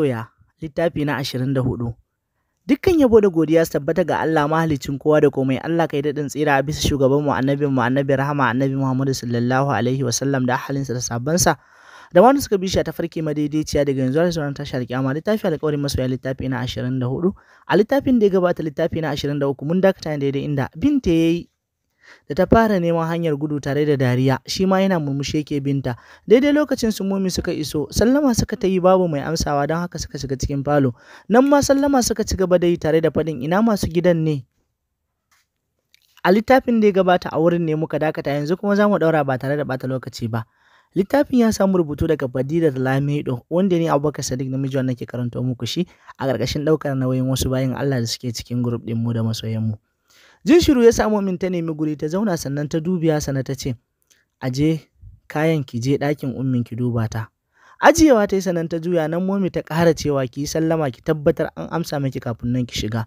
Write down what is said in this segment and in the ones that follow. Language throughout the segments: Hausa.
masoya littafi na ashirin da hudu dukkan yabo da godiya su tabbata ga Allah mahalicin kowa da komai Allah kai daɗin tsira a bisa shugaban mu annabin mu annabi rahama annabi Muhammadu sallallahu alaihi wa sallam da ahalinsa da sabansa da wani suka bishiya ta farke madaidaiciya daga yanzu har sauran tashar kyama littafi alƙawarin masoya littafi na 24 a littafin da ya gabata littafi na 23 mun dakata daidai inda binta yi. da ta fara neman hanyar gudu tare da dariya shi ma yana murmushi yake binta daidai lokacin su momi suka iso sallama suka ta yi babu mai amsawa don haka suka shiga cikin falo nan ma sallama suka ci gaba da yi tare da faɗin ina masu gidan ne a littafin da ya gabata a wurin ne muka dakata yanzu kuma za mu ɗaura ba tare da bata lokaci ba littafin ya samu rubutu daga da lamido wanda ne abubakar sadiq namiji wanda ke karanto muku shi a ƙarƙashin ɗaukar nauyin wasu bayan allah da suke cikin gurub ɗin da masoyanmu mu Jin shiru ya samu min ta nemi guri ta zauna sannan ta dubiya sana ta ce, Aje kayan ki je ɗakin ummin ki duba ta. Ajiyewa ta yi sannan ta juya nan momi ta ƙara cewa ki sallama ki tabbatar an amsa miki kafin nan ki shiga.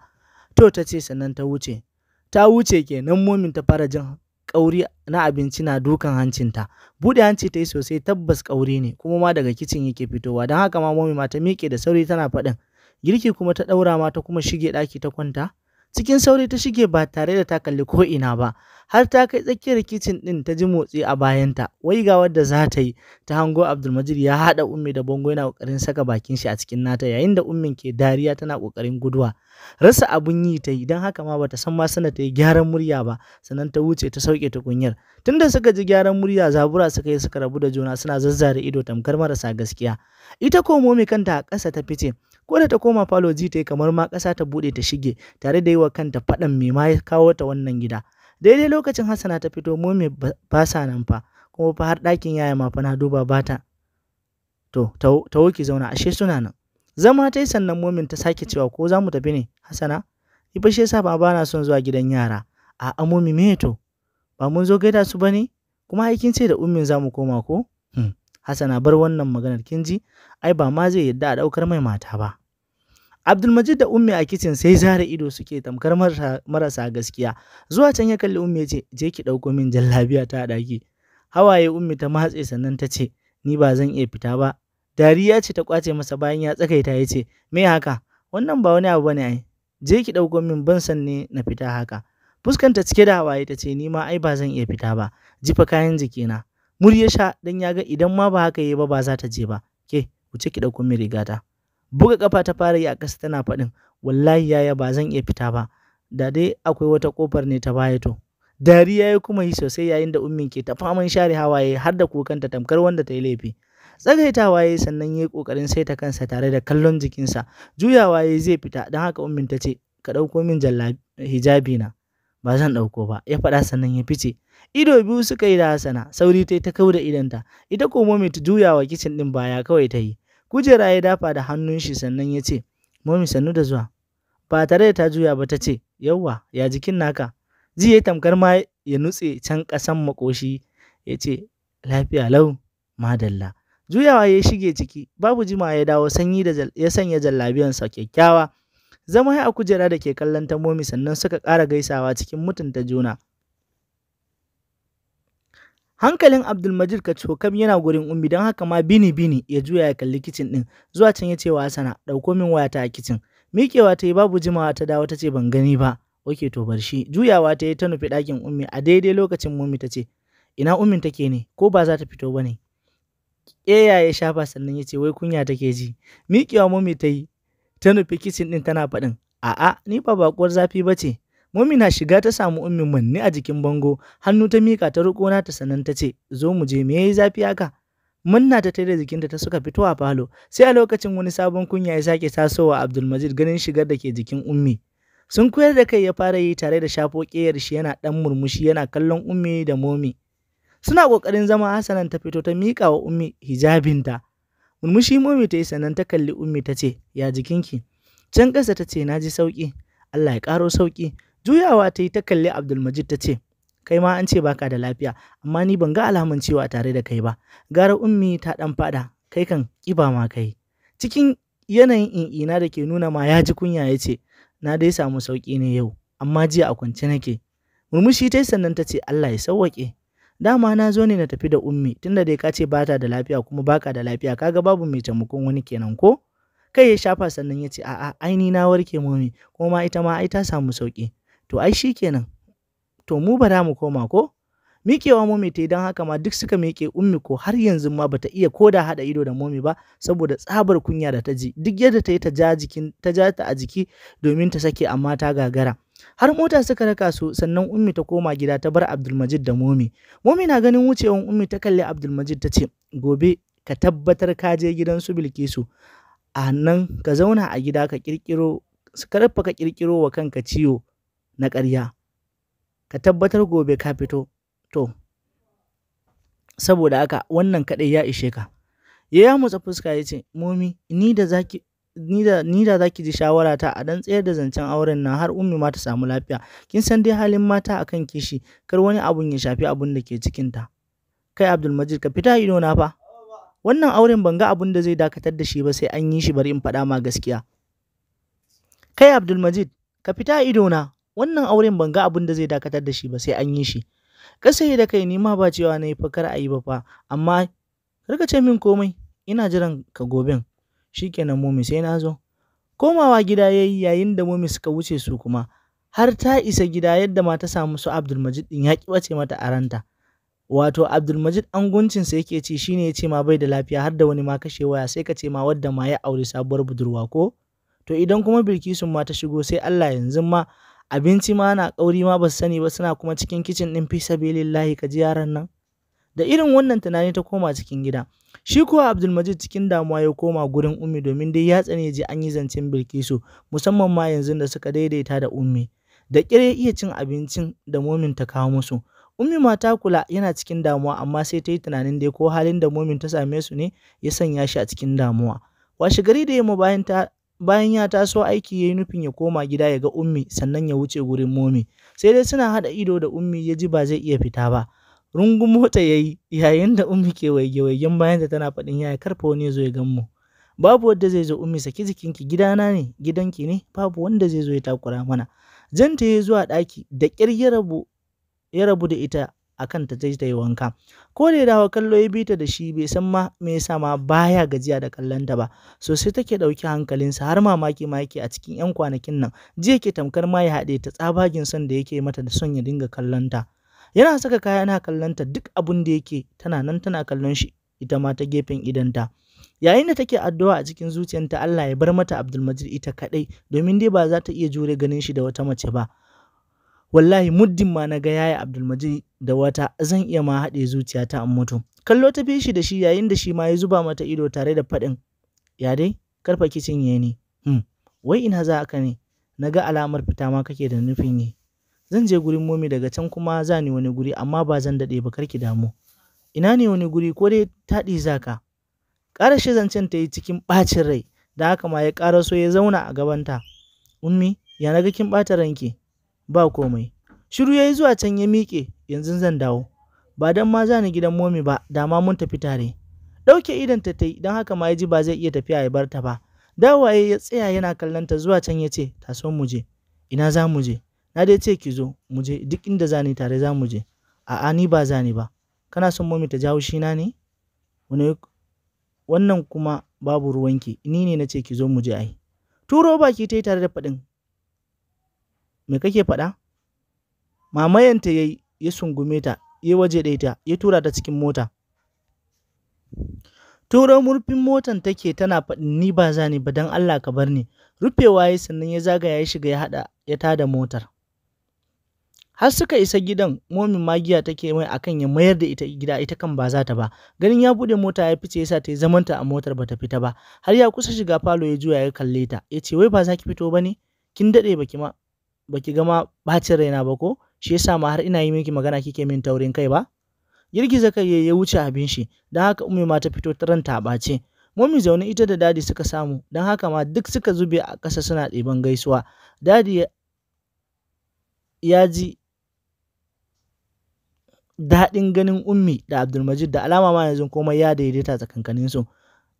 To ta ce sannan ta wuce. Ta wuce ke nan momin ta fara jin ƙauri na abinci na dukan hancinta. Buɗe hanci ta yi sosai tabbas ƙauri ne kuma ma daga kicin yake fitowa don haka ma momi ma ta miƙe da sauri tana faɗin. Girki kuma ta ɗaura ma ta kuma shige ɗaki ta kwanta. Cikin sauri ta shige ba tare da ta kalli ina ba. har ta kai tsakiyar kicin ɗin ta ji motsi a bayanta wai ga wadda za ta yi ta hango abdulmajid ya haɗa ummi da bango yana ƙoƙarin saka bakin shi a cikin nata yayin da ummin ke dariya tana ƙoƙarin guduwa rasa abun yi ta yi don haka ma bata san ma sana ta yi gyaran murya ba sannan ta wuce ta sauke tukunyar tunda suka ji gyaran murya zabura suka yi suka rabu da juna suna zazzare ido tamkar marasa gaskiya ita ko momi kanta a ƙasa ta fice ko da ta koma falo ji ta yi kamar ma ƙasa ta buɗe ta shige tare da yi wa kanta faɗan me ma ya kawo ta wannan gida daidai lokacin hassana ta fito momi ba sa nan fa kuma fa har ɗakin yaya ma fa na duba ba to ta wuki zauna ashe suna nan zama ta yi sannan momin ta sake cewa ko za mu tafi ne hassana ni fa shi yasa ba bana son zuwa gidan yara a'a momi me to ba mun zo gaida su ne? kuma aikin ce da ummin zamu koma ko hmm, Hassana bar wannan maganar kin ji ai ba ma zai yadda a ɗaukar mai mata ba Abdulmajid da Ummi a kicin sai zare ido suke tamkar marasa gaskiya. Zuwa can ya kalli Ummi ya ce, "Je ki ɗauko min jallabiya ta ɗaki." Hawaye Ummi ta matse sannan ta ce, "Ni ba zan iya fita ba." Dariya ce ta kwace masa bayan ya tsakaita ya ce, "Me haka? Wannan ba wani abu bane ai. Je ki ɗauko min ban san ne na fita haka." Fuskanta cike da hawaye ta ce, "Ni ma ai ba zan iya fita ba. Jifa kayan jikina." Muryar sha dan ya ga idan ma ba haka yi ba ba za ta je ba. Ke, ku wuce ki ɗauko min rigata. buga kafa ta fara yi a ƙasa tana faɗin wallahi yaya ba zan iya fita ba da dai akwai wata kofar ne ta baya to dariya ya kuma yi sosai yayin da ummin ke ta faman share hawaye har da kukanta tamkar wanda ta yi laifi tsagaitawa ya sannan ya yi ƙoƙarin saita kansa tare da kallon jikinsa juyawa waye zai fita dan haka ummin ta ce ka ɗauko min hijabi na ba zan ɗauko ba ya faɗa sannan ya fice ido biyu suka yi da hasana sauri ta ta kauda idanta ita ko mai ta juyawa kicin din baya kawai ta yi Kujera ya dafa da hannun shi sannan ya ce, Mami sannu da zuwa. Ba tare da ta juya ba ta ce, yauwa ya jikin naka. Ji ya tamkar ma ya nutse can kasan makoshi ya ce, Lafiya lau, madalla. Juyawa ya shige ciki, babu jima ya dawo sanyi da ya sanya jallabiyansa kyakkyawa. Zama a kujera da ke kallon ta momi sannan suka ƙara gaisawa cikin mutunta juna. Hankalin Abdulmajid Kacokam yana gurin Ummi don haka ma bini bini ya juya ya kalli kicin ɗin zuwa can ya ce wa Asana ɗauko min wayata a kicin. Miƙewa ta yi babu jimawa ta dawo ta ce ban gani ba. Oke to bar shi. Juyawa ta yi ta nufi ɗakin Ummi a daidai lokacin Ummi ta ce ina Ummin take ne ko ba za ta fito ba ne. Ƙeya ya shafa sannan ya ce wai kunya take ji. Miƙewa Ummi ta yi ta nufi kicin ɗin tana faɗin a'a ni ba bakuwar zafi ba ce na shiga ta samu ummin manni a jikin bango, hannu ta mika ta riko na ta sanan ta ce, "Zo mu je me yayi zafi haka?" Munna ta tare jikinta ta suka fito a falo, sai a lokacin wani sabon kunya ya sake tasowa Abdulmajid ganin shigar da ke jikin ummi. Sun koyar da kai ya fara yi tare da shafo ƙeyar shi yana ɗan murmushi yana kallon ummi da momi. Suna ƙoƙarin zama Hassanan ta fito ta miƙa wa ummi hijabinta. Murmushi momi ta yi sannan ta kalli ummi ta ce, "Ya jikinki?" Can ƙasa ta ce, "Na ji sauƙi." Allah ya ƙaro sauƙi. Juyawa ta yi ta kalli Abdulmajid ta ce, Kai ma an ce baka da lafiya, amma ni ban ga alaman cewa tare da kai ba. Gara ummi ta ɗan faɗa, kai kan kiba ma kai. Cikin yanayin in'ina da ke nuna ma ya ji kunya ya ce, Na dai samu sauki ne yau, amma jiya a kwance nake. Murmushi ta yi sannan ta ce, Allah ya sauwake. dama na zo ne na tafi da ummi tunda dai ka ce bata da lafiya kuma baka da lafiya kaga babu mai taimakon wani kenan ko kai ya shafa sannan ya ce a'a aini na warke momi kuma ma ita ma ai ta samu sauki to ai shi kenan to mu ba da mu koma ko miƙewa momi ta yi don haka ma duk suka mike ummi ko har yanzu ma bata iya ko da haɗa ido da momi ba saboda tsabar kunya da ta ji duk yadda ta yi ta ja jikin ta ja ta a jiki domin ta sake amma ta gagara har mota suka raka su sannan ummi ta koma gida ta bar abdulmajid da momi momi na ganin wucewan ummi ta kalli abdulmajid ta ce gobe ka tabbatar ka je gidan su bilkisu a nan ka zauna a gida ka kirkiro ka kirkiro wa kanka ciwo na ƙarya ka tabbatar gobe ka fito to saboda haka wannan kaɗai ya ishe ka ya motsa fuska ya ce momi ni da zaki ni ji shawara ta a dan tsayar da zancen auren nan har ummi ma ta samu lafiya kin san dai halin mata akan kishi kar wani abun ya shafi abun da ke cikinta. kai Abdulmajid ka fita ido na fa wannan auren ban ga abun da zai dakatar da shi ba sai an yi shi bari in faɗa ma gaskiya kai Abdulmajid ka fita ido na wannan auren ban ga abin da zai dakatar da shi ba sai an yi shi kasai da kai nima ma ba cewa na yi fakar a yi ba fa amma rika ce min komai ina jiran ka goben kenan Mumi, sai na zo komawa gida ya yi yayin da mumi suka wuce su kuma har ta isa gida yadda ma ta samu su abdulmajid din ya ki bace mata a ranta wato abdulmajid anguncinsa yake ci shine ya ce ma bai da lafiya har da wani ma kashe waya sai ka ce ma wadda ma ya aure sabuwar budurwa ko to idan kuma bilkisun ma ta shigo sai allah yanzu ma abinci ma na kauri ma ba su sani ba suna kuma cikin kicin din fi sabilillahi ka ji yaran nan da irin wannan tunani ta koma cikin gida shi kuwa abdulmajid cikin damuwa ya koma gurin ummi domin dai ya tsane ji an yi zancen bilkisu musamman ma yanzu da suka daidaita da ummi da kire iya cin abincin da momin ta kawo musu ummi mata kula yana cikin damuwa amma sai ta yi tunanin dai ko halin da momin ta same su ne ya sanya shi a cikin damuwa washe gari da yamma bayan ta bayan ya taso aiki ya yi nufin ya koma gida ya ga ummi sannan ya wuce wurin momi sai dai suna haɗa ido da ummi ya ji ba zai iya fita ba rungun mota ya yi yayin da ummi ke waige-waigen bayan ta tana faɗin yaya karfa wani zo ya gan mu babu wanda zai zo ummi saki jikinki gidana ne gidanki ne babu wanda zai zo ya takura mana janta ya zuwa ɗaki da ƙyar ya rabu da ita akan ta ta yi wanka ko da ya dawo kallo ya bita da shi bai san ma me yasa ma baya gajiya da kallon ta ba so sai take dauki hankalinsa har mamaki ma yake a cikin yan kwanakin nan jiya ke tamkar ma ya haɗe ta tsabagin son da yake mata da son ya dinga kallon ta yana saka kaya yana kallon ta duk abun da yake tana nan tana kallon shi ita ma ta gefen idanta yayin da take addu'a a cikin zuciyarta Allah ya bar mata Abdulmajid ita kadai domin dai ba za ta iya jure ganin shi da wata mace ba wallahi muddin ma na ga yaya abdulmajid da wata zan iya ma haɗe zuciyata an mutu kallo ta fi shi da shi yayin da shi ma ya zuba mata ido tare da faɗin ya dai karfa kicin ya ni. hmm. wai ina za ka ne na ga alamar fita ma kake da nufin yi zan je gurin momi daga can kuma za ni wani guri amma ba zan daɗe ba karki damu ina ne wani guri ko dai taɗi za ka ƙara shi zancen ta yi cikin ɓacin rai da haka ma ya ƙara so ya zauna a gabanta ummi ya naga kin ɓata ranki ba komai. Shiru ya yi zuwa can ya miƙe, yanzu zan dawo. Ba dan ma za ni gidan momi ba, da ma mun tafi tare. Ɗauke idonta ta yi, don haka ma ya ji ba zai iya tafiya ya bar ta ba. waye ya tsaya yana kallon ta zuwa can ya ce, so mu je. Ina za mu je? Na dai ce ki zo, mu je duk inda za ni tare za mu je. A'a ni ba za ni ba. Kana son momi ta jawo shi na ne? Wannan kuma babu ruwanki, ni ne na ce ki zo mu je ai. Turo baki ta yi tare da faɗin, me kake faɗa mamayanta ya yi ya sungume ta ya waje da ita ya tura ta cikin mota turo murfin motan take tana faɗin ni ba za ni ba don allah ka bar ni rufewa ya sannan ya zagaya ya shiga ya haɗa ya tada motar har suka isa gidan momin magiya take mai akan ya mayar da ita gida ita kan ba za ta ba ganin ya bude mota ya fice yasa ta yi zamanta a motar bata fita ba har ya kusa shiga falo ya juya ya kalle ta ya ce wai ba za ki fito ba ne kin daɗe baki ma baki gama bacin raina ba ko shi yasa ma har ina yi miki magana kike min taurin kai ba girgiza kai ya wuce abin shi don haka ummi ma ta fito ta ranta ɓace Mummy zaune ita da dadi suka samu don haka ma duk suka zube a ƙasa suna ɗiban gaisuwa dadi ya ji daɗin ganin ummi da abdulmajid da alama ma yanzu komai ya daidaita tsakankaninsu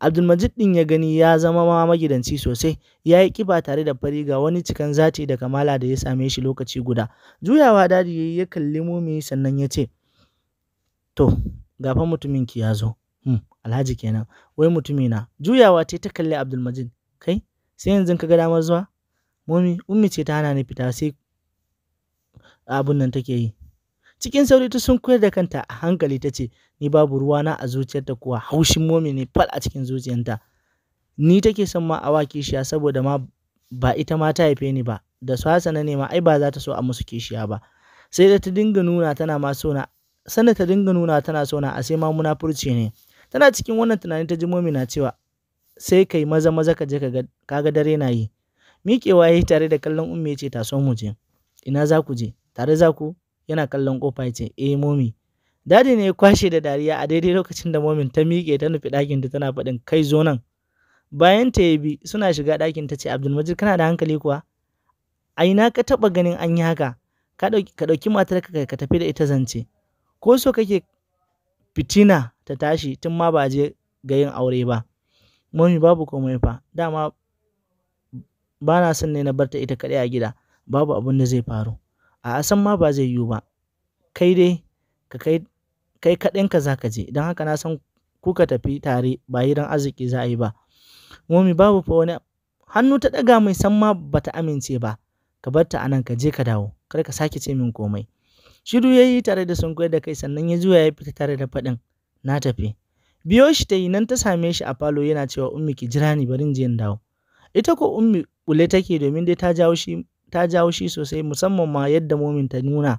Abdulmajid ɗin ya gani ya zama ma magidanci sosai, ya yi kiba tare da fari ga wani cikan zati da kamala da ya same shi lokaci guda. Juyawa dadi ya yi ya kalli mumi sannan ya ce, To, gafa mutumin ki ya zo, hmm, alhaji kenan, wai mutumina. Juyawa ce ta kalli Abdulmajid, kai, sai yanzu ka ga damar zuwa? Mumi, ummi ce ta hana ni fita sai abun nan take yi. Cikin sauri ta sun koyar da kanta a hankali ta ce, Ni babu ruwa na a zuciyarta kuwa haushin momi ne fal a cikin zuciyarta. Ni take son ma awa kishiya saboda ma ba ita ma ta haife ni ba, da su Hassana ne ma ai ba za ta so a musu kishiya ba. Sai da ta dinga nuna tana ma sona, sanda ta dinga nuna tana sona a sai ma munafurci ne. Tana cikin wannan tunanin ta ji momi na cewa sai kai maza maza ka je ka ga dare na yi. Miƙewa tare da kallon ummi ya ce ta so mu je. Ina za ku je? Tare za ku? yana kallon kofa ya ce eh momi dadi ne ya kwashe da dariya a daidai lokacin da momin ta miƙe ta nufi ɗakin ta tana faɗin kai zo nan bayan ta bi suna shiga ɗakin ta ce abdulmajid kana da hankali kuwa a ina ka taɓa ganin an yi haka ka ɗauki matar ka ka tafi da ita zance ko so kake fitina ta tashi tun ma ba je ga yin aure ba momi babu komai fa dama ba na son ne na barta ita kaɗai a gida babu abin da zai faru A'a samma ma ba zai yiwu ba. Kai dai ka kai, kai kaɗanka za ka je. Don haka na san ku ka tafi tare ba hirar arziki za a yi ba. Momi babu fa wani hannu ta ɗaga mai san ma ba ta amince ba. Ka bar ta a nan ka je ka dawo. Kar ka sake ce min komai. Shiru ya yi tare da sunkuyar da kai sannan ya juya ya fita tare da faɗin na tafi. Biyo shi ta yi nan ta same shi a falo yana cewa ummi ki jira ni bari in je in dawo. Ita ko ummi ƙule take domin dai ta jawo shi ta jawo shi sosai musamman ma yadda momin ta nuna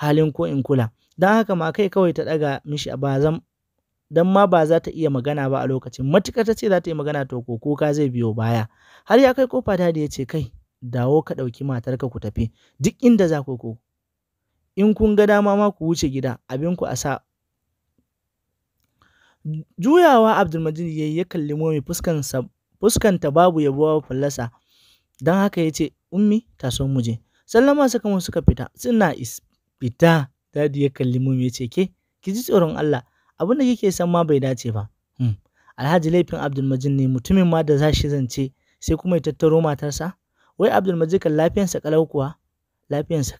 halin ko in kula don haka ma kai kawai ta daga mishi a bazan. don ma ba za ta iya magana ba a lokacin matuƙar ta ce za ta yi magana to ko kuka zai biyo baya har ya kai kofa ta da ya ce kai dawo ka ɗauki matarka ku tafi duk inda za ku ko in kun ga dama ma ku wuce gida abin ku a sa juyawa abdulmajid ya ya kalli momi fuskanta babu yabuwa fallasa don haka ya ce ummi taso mu je sallama suka mu suka fita suna is fita dadi ya kalli mu ya ce ke ki ji tsoron Allah abin da kike san ma bai dace ba hmm. Alhaji laifin Abdulmajid ne mutumin ma da zashi zance sai kuma ya tattaro matarsa wai Abdulmajid kan lafiyarsa kalau kuwa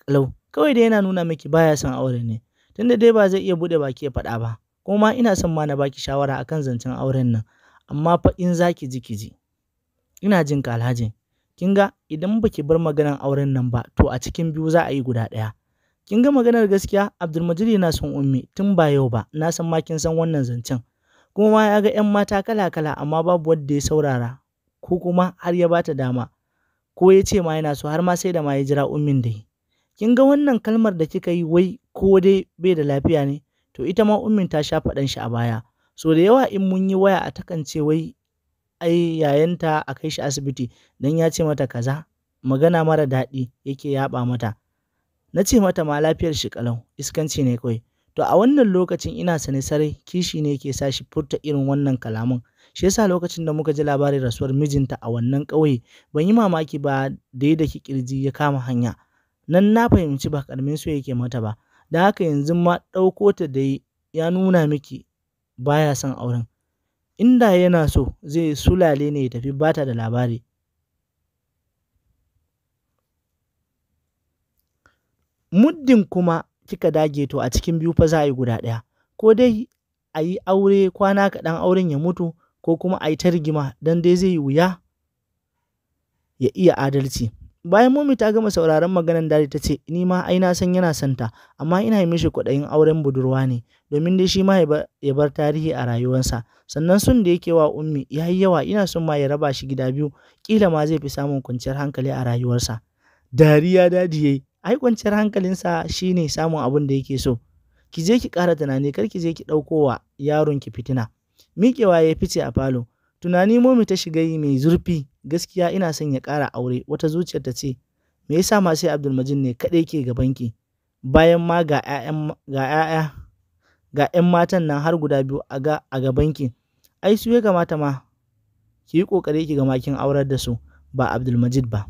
kalau kawai da yana nuna miki baya son aure ne tunda dai ba zai iya bude baki ya faɗa ba kuma ina son ma na baki shawara akan zancen auren nan amma fa in zaki ji ki ji ina jin ka Alhaji kin ga idan baki bar maganar auren nan ba to a cikin biyu za a yi guda ɗaya kin ga maganar gaskiya abdulmajid yana son ummi tun ba yau ba na san ma kin san wannan zancen kuma ma ya ga 'yan mata kala kala amma babu wanda ya saurara ko kuma har ya bata dama ko ya ce ma yana so har ma sai da ma ya jira ummin da yi kin ga wannan kalmar da kika yi wai ko dai bai da lafiya ne to ita ma ummin ta sha faɗan shi a baya so da yawa in mun yi waya a takan ce wai ai yayanta a kai shi asibiti don ya ce mata kaza magana mara daɗi yake yaɓa mata na ce mata ma lafiyar shi kalau iskanci ne kawai to a wannan lokacin ina sane sarai kishi ne ke sa shi furta irin wannan kalaman shi yasa lokacin da muka ji labarin rasuwar mijinta a wannan ƙauye ban yi mamaki ba da ya ki kirji ya kama hanya nan na fahimci ba karamin so yake mata ba da haka yanzu ma ɗauko ta da ya nuna miki baya son auren inda yana so, zai sulale ne ya tafi Bata da labari. Muddin kuma kika dage to a cikin biyu fa za a yi guda ɗaya, ko dai a yi aure kwana kaɗan auren ya mutu ko kuma a yi ta don dai zai yi wuya ya iya adalci. Bayan Mumi ta gama sauraron maganar Dadi ta ce, Ni ma ai na san yana santa, amma ina yi mishi kwaɗayin auren budurwa ne, domin dai shi ma ya bar tarihi a rayuwarsa. Sannan sun da yake wa Ummi ya yi yawa ina son ma ya raba shi gida biyu, ƙila ma zai fi samun kwanciyar hankali a rayuwarsa. Dariya Dadi yayi, ai kwanciyar hankalinsa shine samun abin da yake so. Ki je ki ƙara tunani kar ki je ki ɗauko wa yaron ki fitina. Miƙewa ya fice a falo, Tunani momi ta shiga yi mai zurfi, gaskiya ina son ya ƙara aure, wata zuciyar ta ce, me yasa ma sai Abdulmajid ne kaɗai ke gabanki, bayan ma ga ƴaƴan ga ‘yan matan nan har guda biyu a ga gabanki, ai su ya kamata ma ki yi ƙoƙari ki ga makin aurar da su ba Abdulmajid ba.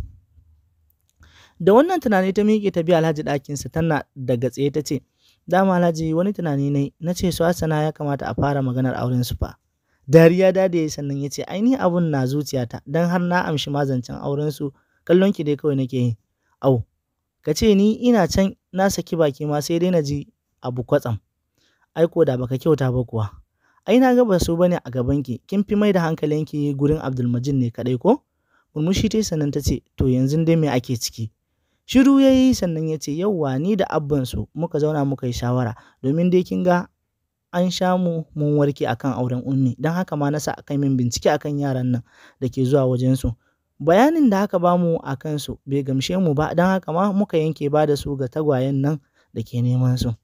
Da wannan tunani ta miƙe ta biya Alhaji ɗakinsa tana daga tsaye ta ce, dama Alhaji wani tunani ne na ce su Hassana ya kamata a fara maganar auren su fa. Dariya dada ya sannan ya ce, ainihin abun na zuciyata, don har na amshi mazancen aurensu, kallon ki dai kawai nake yi. Au, ka ce ni ina can na saki baki ma sai dai na ji abu kwatsam. Ai da baka kyauta ba kuwa. Ai na ga ba su bane a gabanki, kin fi mai da hankalinki gurin Abdulmajid ne kadai ko? Murmushi ta sannan ta ce, to yanzu dai me ake ciki? Shiru ya yi sannan ya ce, yauwa ni da abban su muka zauna muka yi shawara, domin dai kin ga an sha mu mun warke akan auren ummi don haka ma nasa kai min bincike akan yaran nan da ke zuwa wajen su bayanin da haka bamu a kansu bai gamshe mu ba don haka ma muka yanke ba da su ga tagwayen nan da ke neman su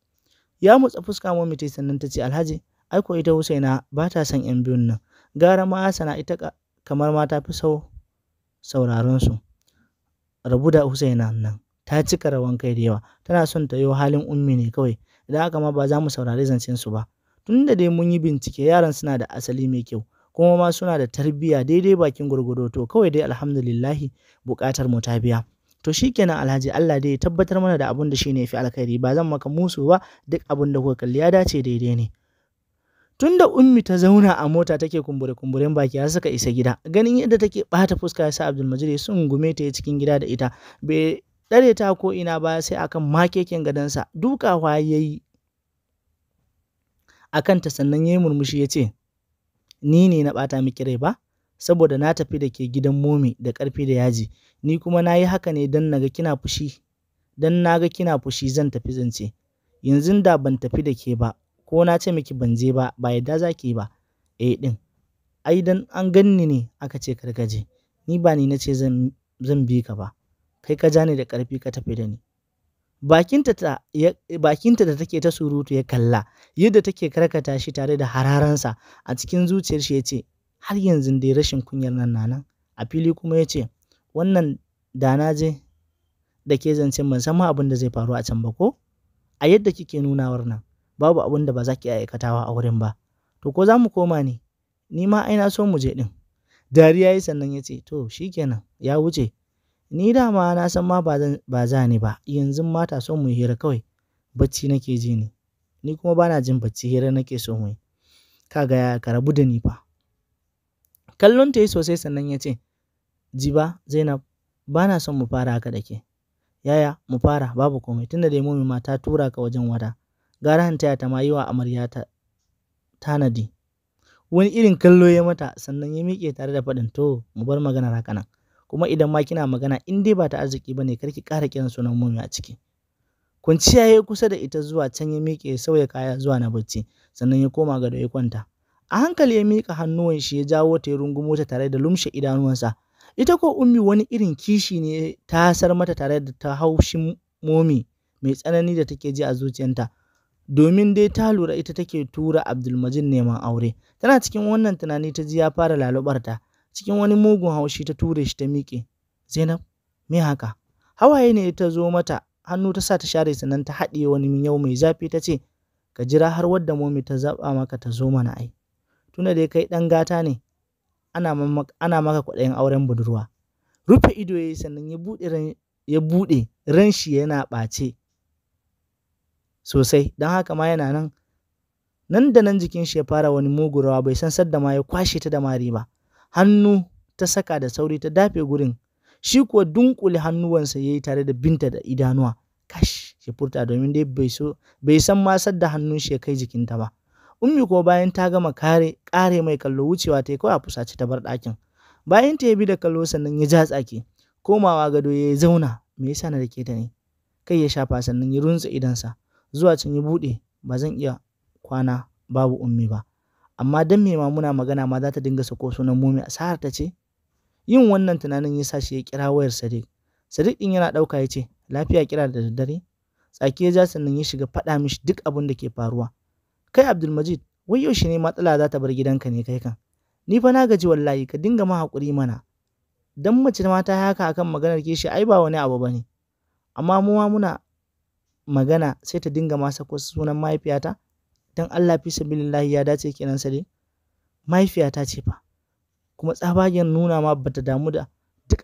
ya motsa fuska mu mutai sannan ta ce alhaji ai ko ita husaina ba ta son yan biyun nan gara ma sana ita kamar ma ta fi sau sauraron su rabu da husaina nan ta cika rawan kai da yawa tana son ta yi halin ummi ne kawai idan haka ma ba za mu saurari zancen su ba Tun da dai mun yi bincike yaran suna da asali mai kyau, kuma ma suna da tarbiyya daidai bakin gwargwado to kawai dai alhamdulillahi buƙatar mu ta biya. To shi kenan Alhaji Allah dai ya tabbatar mana da abin da shi ne ya fi alkhairi ba zan maka musu ba duk abin da kuka kalli ya dace daidai ne. Tun da Ummi ta zauna a mota take kumbure-kumburen baki har suka isa gida, ganin yadda take bata fuska ya sa Abdulmajid ya sungume ta ya cikin gida da ita, bai dare ta ko ina ba sai akan makekin gadansa duka ya yi a kanta sannan ya yi murmushi ya ce, Ni ne na ɓata miki rai ba, saboda na tafi da ke gidan momi da ƙarfi da yaji, ni kuma na yi haka ne don na ga kina fushi, don na ga kina fushi zan tafi zance. Yanzu da ban tafi da ke ba, ko na ce miki ban je ba, ba yadda za ki ba, eh ɗin. Ai dan an ganni ne aka ce karkaje, ni ba ni na ce zan bi ka ba, kai ka ja ni da ƙarfi ka tafi da ni. bakinta da take ta surutu ya kalla yadda take karkata shi tare da hararansa a cikin zuciyar shi ya ce har yanzu dai rashin kunyar nan nanan a fili kuma ya ce wannan da na je da ke zance ban san ma abin da zai faru a can ba ko a yadda kike nunawar nan babu abin da ba za ki aikatawa a wurin ba to ko za mu koma ne ni ma ai na so mu je din dariya yi sannan ya ce to shikenan ya wuce Ni da ma na san ma ba za ni ba, yanzu mata so mu hira kawai, bacci nake ji ni. Ni kuma ba na jin bacci, hira nake so mu yi. Ka ga ka rabu da ni fa. Kallon ta yi sosai sannan ya ce, Jiba Zainab, ba na son mu fara haka da ke. Yaya, mu fara, babu komai, tunda dai mumi ma ta tura ka wajen wada Gara hanta taya ta ma yi amarya ta tanadi. Wani irin kallo ya mata sannan ya miƙe tare da faɗin to mu bar maganar haka nan. kuma idan ma kina magana in dai ba ta arziki bane kar ki ƙara kiran sunan mummy a ciki Kun ciyaye kusa da ita zuwa can ya miƙe ya sauya kaya zuwa na bacci sannan ya koma gado ya kwanta a hankali ya miƙa hannuwan shi ya jawo ta ya rungumo ta tare da lumshe idanuwansa ita ko ummi wani irin kishi ne ta sar mata tare da ta haushin momi mai tsanani da take ji a zuciyanta, domin dai ta lura ita take tura Abdulmajid neman aure tana cikin wannan tunani ta ji ya fara lalubarta cikin wani mugun haushi ta ture shi ta miƙe zainab me haka hawaye ne ta zo mata hannu ta sa ta share sannan ta haɗiye wani yau. mai zafi ta ce ka jira har wadda momi ta zaɓa maka ta zo mana ai tuna da kai ɗan gata ne ana maka kwaɗayin auren budurwa rufe ido ya yi sannan ya buɗe ya buɗe ran shi yana ɓace sosai don haka ma yana nan nan da nan jikin shi ya fara wani mugurawa bai san sadda ma ya kwashe ta da mari ba hannu ta saka da sauri ta dafe gurin shi kuwa dunkule hannuwansa ya yi tare da binta da idanuwa kash ya furta domin dai bai san masar da hannun shi ya kai jikinta ba ummi kuwa bayan ta gama kare kare mai kallo wucewa ta yi kawai a fusace ta bar ɗakin bayan ta ya bi da kallo sannan ya ja tsaki komawa gado ya zauna me yasa na dake ta ne kai ya shafa sannan ya runtse idansa zuwa can ya buɗe ba zan iya kwana babu ummi ba amma don me ma muna magana ma za ta dinga sako sunan Mumi a sahar ta ce yin wannan tunanin ya sa shi ya kira wayar sadiq sadiq din yana ɗauka ya ce lafiya kira da daddare tsaki ya ja sannan ya shiga faɗa mishi duk abin da ke faruwa kai abdulmajid wai yaushe ne matsala za ta bar gidanka ne kai kan ni fa na gaji wallahi ka dinga ma hakuri mana dan mace ma ta haka akan maganar kishi ai ba wani abu bane amma mu ma muna magana sai ta dinga ma sako sunan mahaifiyata dan Allah fi sabilillahi ya dace kenan sa dai ta ce fa kuma tsabagen nuna ma bata damu da duk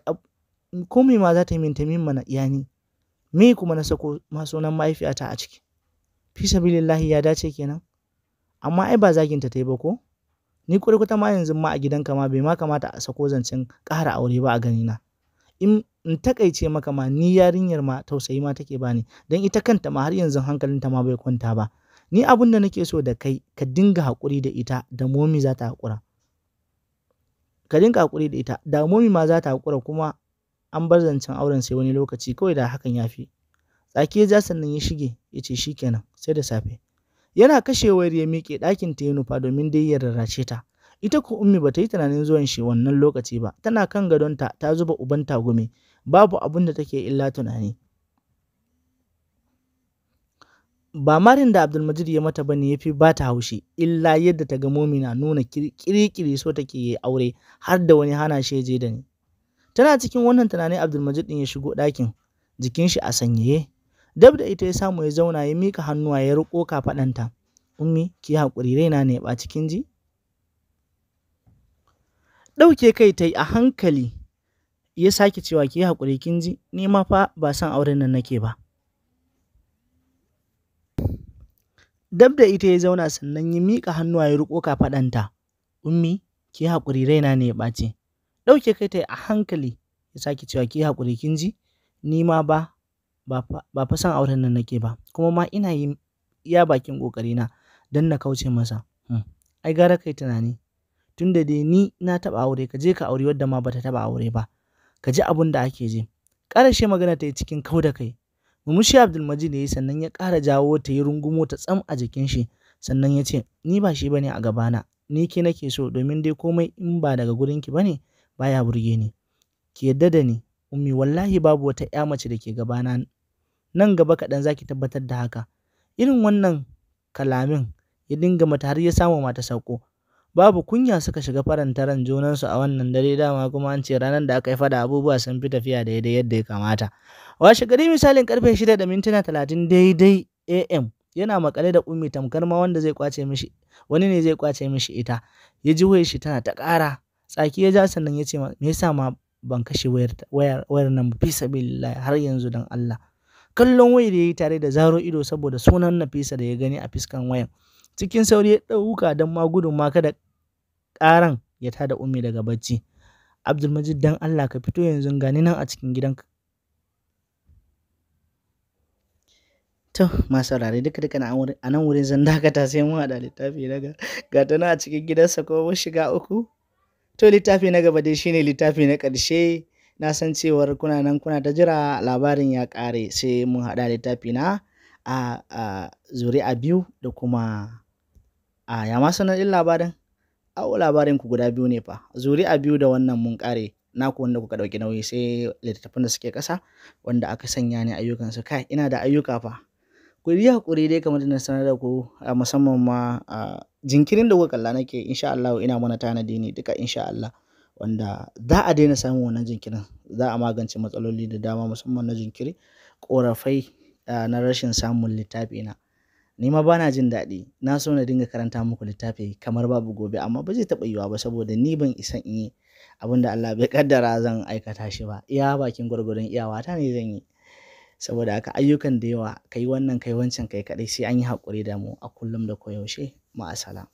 komai ma za ta yi min mana iyani me kuma na sako masunan mahaifiyata a ciki fi sabilillahi ya dace kenan amma ai ba zaginta ta yi ba ko ni kurkuta ma yanzu ma a gidanka ma bai ma kamata a sako zancen ƙara aure ba a ganina in in takaice maka ma ni yarinyar ma tausayi ma take bani dan ita kanta ma har yanzu hankalinta ma bai kwanta ba ni abin da nake so da kai ka dinga haƙuri da ita da momi za ta haƙura ka dinga haƙuri da ita da momi ma za ta haƙura kuma an bar zancen auren sai wani lokaci kawai da hakan ya fi tsaki ya ja sannan ya shige ya ce shi kenan, sai da safe yana kashe ya miƙe ɗakin ta ya nufa domin dai ya rarrace ta ita ko ummi bata yi tunanin zuwan shi wannan lokaci ba tana kan gadonta ta zuba uban tagume babu abin da take illa tunani Ba marin da Abdulmajid ya mata bane ne ya fi ba ta haushi, illa yadda ta ga Momina nuna ƙiri so take yi aure har da wani hana shi je da ni. Tana cikin wannan tunanin Abdulmajid din ya shigo ɗakin, jikin shi a sanyaye. Dab da ita ya samu ya zauna ya mika hannuwa ya riƙo kafaɗanta. Ummi, ki haƙuri raina ne ba cikin ji? Ɗauke kai ta a hankali ya sake cewa ki hakuri kin ji, ni ma fa ba san auren nan nake ba. Dab da ita ya zauna sannan ya miƙa hannuwa ya riƙo kafaɗanta. Ummi, ki yi haƙuri raina ne ya ɓace. Ɗauke kai ta yi a hankali ya sake cewa ki yi haƙuri kin ji? Ni ma ba ba fa son auren nan nake ba kuma ma ina yi iya bakin ƙoƙarina don na kauce masa. Hmm, ai gara kai tunani tun da dai ni na taɓa aure ka je ka auri wadda ma bata taɓa aure ba. Ka ji abin da ake ji. Ƙarashe magana ta yi cikin kau da kai Abdul Abdulmajid ya yi sannan ya ƙara jawo ta yi rungumo ta tsam a jikin shi sannan ya ce ni ba shi bane a gabana ni ke nake so domin dai komai in ba daga gurin ki bane baya burge ni ki yadda da ni ummi wallahi babu wata ƴa mace da ke gabana nan gaba kaɗan zaki tabbatar da haka irin wannan kalamin ya dinga mata har ya samu mata sauko Babu kunya suka shiga farantaran junansu a wannan dare dama kuma an ce ranar da aka yi fada abubuwa sun fi tafiya daidai yadda ya kamata. Washe gari misalin karfe shida da mintuna talatin daidai AM yana makale da ummi tamkar ma wanda zai kwace mishi wani ne zai kwace mishi ita ya ji wayar shi tana ta ƙara tsaki ya ja sannan ya ce me yasa ma ban kashe wayar wayar nan fi sabilillah har yanzu dan Allah kallon wayar yayi tare da zaro ido saboda sunan Nafisa da ya gani a fiskan wayar. Cikin sauri ya ɗauka don ma gudun ma kada ƙaran ya tada Ummi daga bacci. Abdulmajid dan Allah ka fito yanzu gani nan a cikin gidanka. To, masu saurari duka duka na a nan wurin zan dakata sai mun haɗa littafi na ga ta a cikin gidansa ko mun shiga uku. To, littafi na gaba dai shine littafi na ƙarshe na san cewar kuna nan kuna ta jira labarin ya ƙare sai mun haɗa littafi na a zuri'a biyu da kuma A ya ma sanadin labarin? Awo labarin ku guda biyu ne fa, a biyu da wannan mun kare naku wanda kuka dauki nauyi sai littattafan da suke kasa wanda aka sanya ne ayyukansu kai ina da ayyuka fa ku yi hakuri dai kamar da sanar da ku musamman ma jinkirin da kuka kalla nake insha Allah ina mana tanadi ne duka insha Allah wanda za a daina samun wannan jinkirin za a magance matsaloli da dama musamman na jinkiri korafai na rashin samun littafi na ni ma bana jin daɗi na so na dinga karanta muku littafi kamar babu gobe amma ba zai taɓa yiwa ba saboda ni ban isan in yi abin da Allah bai kaddara zan aikata shi ba iya bakin gwargwadon iyawata ne zan yi saboda haka ayyukan da yawa kai wannan kai wancan kai kaɗai sai an yi haƙuri da mu a kullum da koyaushe ma'asala.